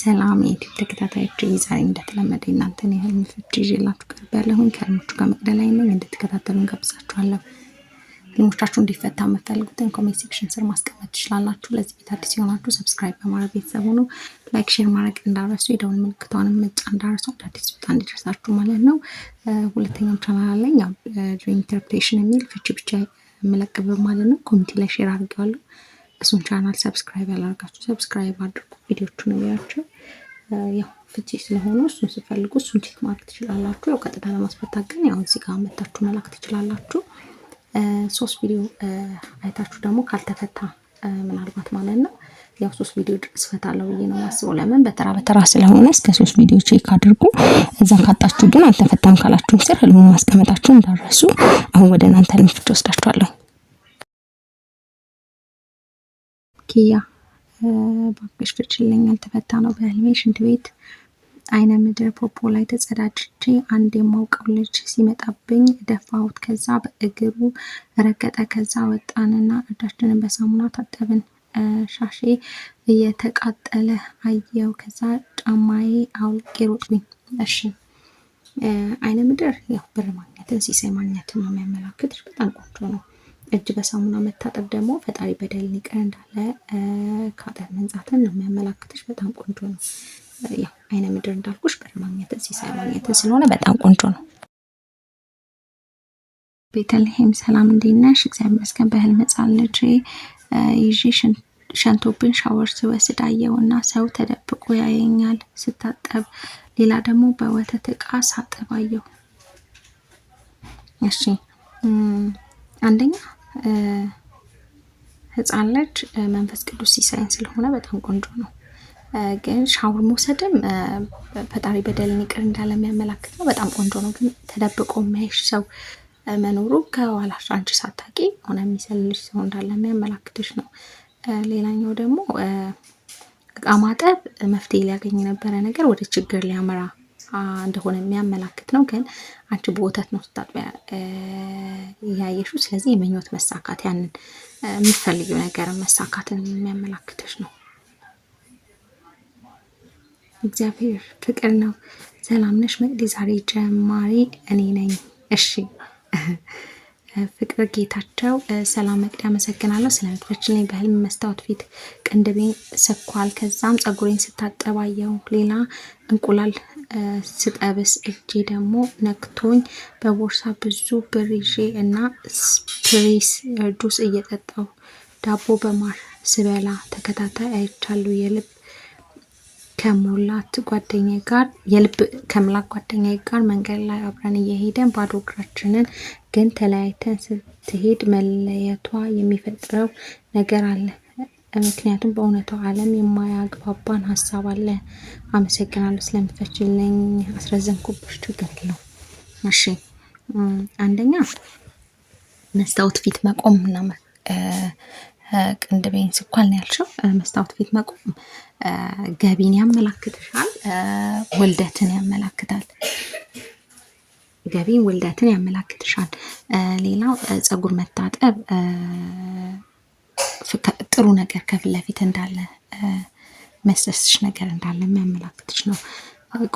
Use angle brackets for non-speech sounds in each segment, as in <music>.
ሰላም የዩቲዩብ ተከታታዮች ዛሬ እንደተለመደ እናንተን የህልም ፍቺ ይዤላችሁ ቀርብ ያለሁን ከህልሞቹ ጋር መቅደላይ ነኝ። እንድትከታተሉን ጋብዛችኋለሁ። ህልሞቻችሁ እንዲፈታ የምትፈልጉትን ኮሜንት ሴክሽን ስር ማስቀመጥ ትችላላችሁ። ለዚህ ቤት አዲስ የሆናችሁ ሰብስክራይብ በማድረግ ቤተሰብ ሆኑ። ላይክ፣ ሼር ማድረግ እንዳረሱ፣ የደውል ምልክቷንም መጫ እንዳረሱ አዳዲስ ቦታ እንዲደርሳችሁ ማለት ነው። ሁለተኛው ቻናል ላይ ድሪም ኢንተርፕሬሽን የሚል ፍቺ ብቻ የምለቅብብ ማለት ነው። ኮሚኒቲ ላይ ሼር አድርጌዋለሁ። እሱን ቻናል ሰብስክራይብ ያላደርጋችሁ ሰብስክራይብ አድርጉ። ቪዲዮቹን የሚያቸው ያው ፍቺ ስለሆኑ እሱን ስፈልጉ እሱን ቼክ ማድረግ ትችላላችሁ። ያው ቀጥታ ለማስፈታት ግን ያው እዚህ ጋር መታችሁ መላክ ትችላላችሁ። ሶስት ቪዲዮ አይታችሁ ደግሞ ካልተፈታ ምናልባት ማለት ነው ያው ሶስት ቪዲዮ ድረስ ፈታለው ብዬ ነው ማስበው። ለምን በተራ በተራ ስለሆነ እስከ ሶስት ቪዲዮ ቼክ አድርጉ። እዛ ካጣችሁ ግን አልተፈታም ካላችሁም ስር ህልሙን ማስቀመጣችሁ እንዳረሱ አሁን ወደ እናንተ ልምፍጭ ወስዳችኋለሁ። ኪያ እባክሽ ፍቺልኝ፣ ያልተፈታ ነው በህልሜ ሽንት ቤት አይነ ምድር ፖፖ ላይ ተጸዳጅቼ አንድ የማውቀው ልጅ ሲመጣብኝ ደፋሁት። ከዛ በእግሩ ረገጠ። ከዛ ወጣንና እጃችንን በሳሙና ታጠብን። ሻሼ እየተቃጠለ አየው። ከዛ ጫማዬ አውልቄ ሮጥኩኝ። እሺ አይነ ምድር ያው ብር ማግኘትን ሲሳይ ማግኘትን ነው የሚያመላክትሽ። በጣም ቆንጆ ነው። እጅ በሳሙና መታጠብ ደግሞ ፈጣሪ በደልን ይቅር እንዳለ ከኃጢአት መንጻትን ነው የሚያመላክትሽ። በጣም ቆንጆ ነው። ያው አይነ ምድር እንዳልኩሽ ብር ማግኘትን ሲሳይ ማግኘትን ስለሆነ በጣም ቆንጆ ነው። ቤተልሔም ሰላም፣ እንዴት ነሽ? እግዚአብሔር ይመስገን። በህልም ሕፃን ልጅ ይዤ ሸንቶብን ሻወር ስወስድ አየው እና ሰው ተደብቆ ያየኛል ስታጠብ፣ ሌላ ደግሞ በወተት እቃ ሳጥብ አየው። እሺ አንደኛ ህፃን ልጅ መንፈስ ቅዱስ ሲሳይን ስለሆነ በጣም ቆንጆ ነው። ግን ሻውር መውሰድም ፈጣሪ በደልን ይቅር እንዳለ የሚያመላክት ነው። በጣም ቆንጆ ነው። ግን ተደብቆ የሚያይሽ ሰው መኖሩ ከኋላሽ አንቺ ሳታቂ ሆነ የሚሰልልሽ ሰው እንዳለ የሚያመላክትሽ ነው። ሌላኛው ደግሞ እቃ ማጠብ መፍትሄ ሊያገኝ የነበረ ነገር ወደ ችግር ሊያመራ እንደሆነ የሚያመላክት ነው። ግን አንቺ በወተት ነው ስታጥቢያ እያየሽው። ስለዚህ የምኞት መሳካት ያንን የምትፈልጊው ነገር መሳካትን የሚያመላክትሽ ነው። እግዚአብሔር ፍቅር ነው። ሰላም ነሽ መቅዲ? ዛሬ ጀማሪ እኔ ነኝ። እሺ <laughs> ፍቅር ጌታቸው ሰላም መቅዲ፣ አመሰግናለሁ ስለ ላይ በህልም መስታወት ፊት ቅንድቤን ሰኳል። ከዛም ፀጉሬን ስታጠባየው ሌላ እንቁላል ስጠብስ እጄ ደግሞ ነክቶኝ በቦርሳ ብዙ ብር ይዤ እና ስፕሬስ ጁስ እየጠጣው ዳቦ በማር ስበላ ተከታታይ አይቻሉ የልብ ከሞላት ጓደኛ ጋር የልብ ከሙላት ጓደኛ ጋር መንገድ ላይ አብረን እየሄደን ባዶ እግራችንን ግን ተለያይተን ስትሄድ መለየቷ የሚፈጥረው ነገር አለ። ምክንያቱም በእውነቱ ዓለም የማያግባባን ሀሳብ አለ። አመሰግናለሁ ስለምፈችልኝ። አስረዘምኩብሽ፣ ችግር የለውም። እሺ፣ አንደኛ መስታወት ፊት መቆም እና ቅንድቤን ስኳል ነው ያልሽው። መስታወት ፊት መቆም ገቢን ያመላክትሻል፣ ውልደትን ያመላክታል። ገቢን ውልደትን ያመላክትሻል። ሌላው ፀጉር መታጠብ ጥሩ ነገር ከፊት ለፊት እንዳለ የሚያስደስትሽ ነገር እንዳለ የሚያመላክትሽ ነው።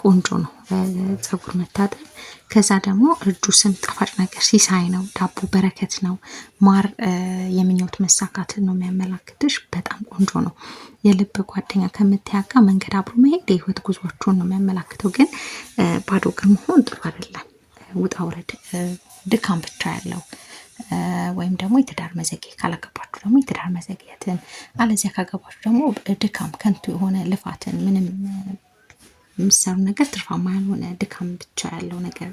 ቆንጆ ነው ፀጉር መታጠብ። ከዛ ደግሞ እጁ ስም ጣፋጭ ነገር ሲሳይ ነው፣ ዳቦ በረከት ነው፣ ማር የምኞት መሳካት ነው የሚያመላክትሽ። በጣም ቆንጆ ነው። የልብ ጓደኛ ከምትያጋ መንገድ አብሮ መሄድ የህይወት ጉዟችሁን ነው የሚያመላክተው። ግን ባዶ እግር መሆን ጥሩ አይደለም። ውጣ ውረድ፣ ድካም ብቻ ያለው ወይም ደግሞ የትዳር መዘግየት ካላገባችሁ ደግሞ የትዳር መዘግየትን፣ አለዚያ ካገባችሁ ደግሞ ድካም፣ ከንቱ የሆነ ልፋትን፣ ምንም የምሰሩ ነገር ትርፋማ ያልሆነ ድካም ብቻ ያለው ነገር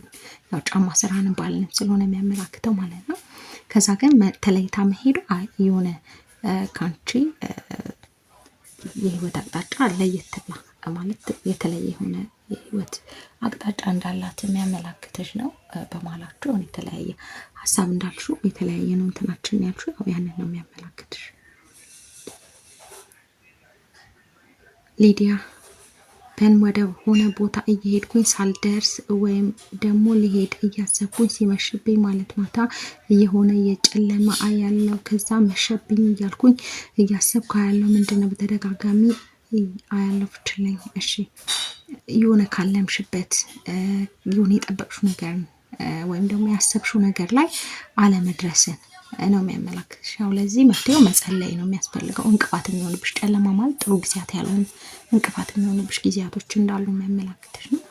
ያው ጫማ ስራንም ባልንም ስለሆነ የሚያመላክተው ማለት ነው። ከዛ ግን ተለይታ መሄዱ የሆነ ካንቺ የህይወት አቅጣጫ ለየት ብላ ማለት የተለየ የሆነ የህይወት አቅጣጫ እንዳላት የሚያመላክተች ነው። በመሀላችሁ አሁን የተለያየ ሀሳብ እንዳልሹ የተለያየ ነው እንትናችን ያልሹ ያው ያንን ነው የሚያመላክትሽ። ሊዲያ ፔን ወደ ሆነ ቦታ እየሄድኩኝ ሳልደርስ ወይም ደግሞ ሊሄድ እያሰብኩኝ ሲመሽብኝ ማለት ማታ እየሆነ የጨለማ ያለው ከዛ መሸብኝ እያልኩኝ እያሰብኩ ያለው ምንድነው በተደጋጋሚ አያለፍችልኝ እሺ የሆነ ካለምሽበት የሆነ የጠበቅሽው ነገር ወይም ደግሞ ያሰብሽው ነገር ላይ አለመድረስን ነው የሚያመላክትሽ። ያው ለዚህ መፍትሄው መጸለይ ነው የሚያስፈልገው። እንቅፋት የሚሆንብሽ ጨለማ ማለት ጥሩ ጊዜያት እንቅፋት የሚሆንብሽ ጊዜያቶች እንዳሉ የሚያመላክትሽ ነው።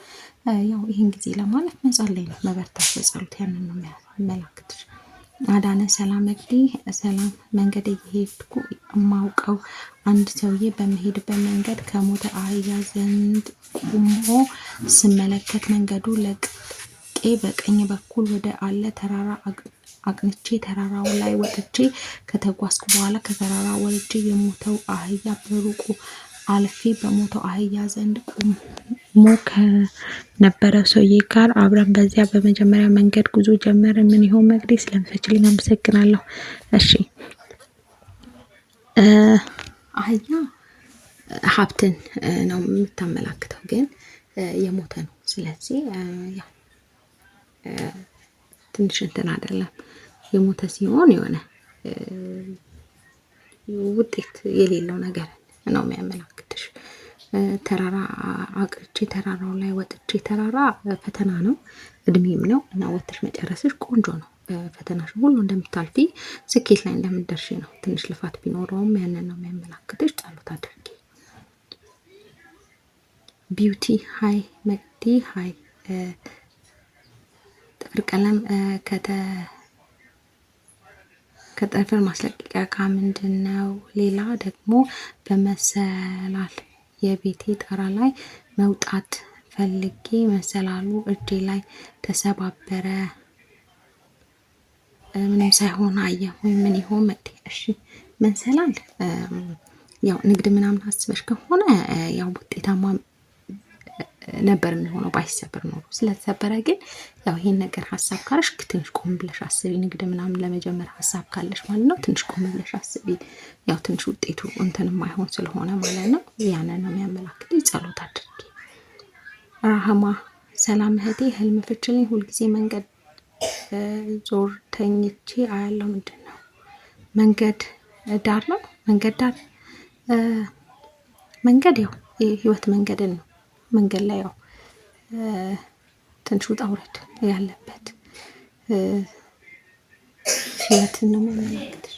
ያው ይህን ጊዜ ለማለፍ መጸለይ ነው፣ መበርታት በጸሎት ያንን ነው የሚያመላክትሽ። አዳነ ሰላም እግዲ ሰላም መንገድ እየሄድኩ የማውቀው አንድ ሰውዬ በመሄድበት መንገድ ከሞተ አህያ ዘንድ ቆሞ ስመለከት መንገዱ ለቅቄ በቀኝ በኩል ወደ አለ ተራራ አቅንቼ ተራራው ላይ ወጥቼ ከተጓዝኩ በኋላ ከተራራ ወርጄ የሞተው አህያ በሩቁ አልፌ በሞተው አህያ ዘንድ ቆሞ ከነበረ ሰውዬ ጋር አብረን በዚያ በመጀመሪያ መንገድ ጉዞ ጀመረ ምን ይሆን መግደ ስለምትፈችልኝ አመሰግናለሁ። እሺ አህያ ሀብትን ነው የምታመላክተው፣ ግን የሞተ ነው። ስለዚህ ትንሽ እንትን አይደለም። የሞተ ሲሆን የሆነ ውጤት የሌለው ነገር ነው የሚያመላክትሽ። ተራራ አቅርቼ ተራራው ላይ ወጥቼ ተራራ ፈተና ነው እድሜም ነው እና ወጥተሽ መጨረስሽ ቆንጆ ነው። ፈተናሽ ሁሉ እንደምታልፊ ስኬት ላይ እንደምደርሽ ነው። ትንሽ ልፋት ቢኖረውም ያንን ነው የሚያመላክትሽ። ጸሎት አድርጊ። ቢዩቲ ሀይ መቅዲ ሀይ ጥፍር ቀለም ከተ ከጠፈር ማስለቀቂያ እቃ ምንድን ነው? ሌላ ደግሞ በመሰላል የቤቴ ጣራ ላይ መውጣት ፈልጌ መሰላሉ እጄ ላይ ተሰባበረ። ምንም ሳይሆን አየሁኝ። ምን ይሆን መጤ? እሺ መሰላል ያው ንግድ ምናምን አስበሽ ከሆነ ያው ውጤታማ ነበር የሚሆነው ባይሰበር ኖሮ። ስለተሰበረ ግን ያው ይሄን ነገር ሀሳብ ካለሽ ትንሽ ቆም ብለሽ አስቢ። ንግድ ምናምን ለመጀመር ሀሳብ ካለሽ ማለት ነው ትንሽ ቆም ብለሽ አስቢ። ያው ትንሽ ውጤቱ እንትን የማይሆን ስለሆነ ማለት ነው ያንን ነው የሚያመላክት። ጸሎት አድርጊ። ራህማ ሰላም እህቴ፣ ህልም ፍችልኝ። ሁልጊዜ መንገድ ዞር ተኝቼ አያለው። ምንድን ነው መንገድ ዳር ነው መንገድ ዳር መንገድ ያው የህይወት መንገድን ነው መንገድ ላይ ያው ትንሽ ውጣ ውረድ ያለበት ህይወትን ነው የሚያመለክት።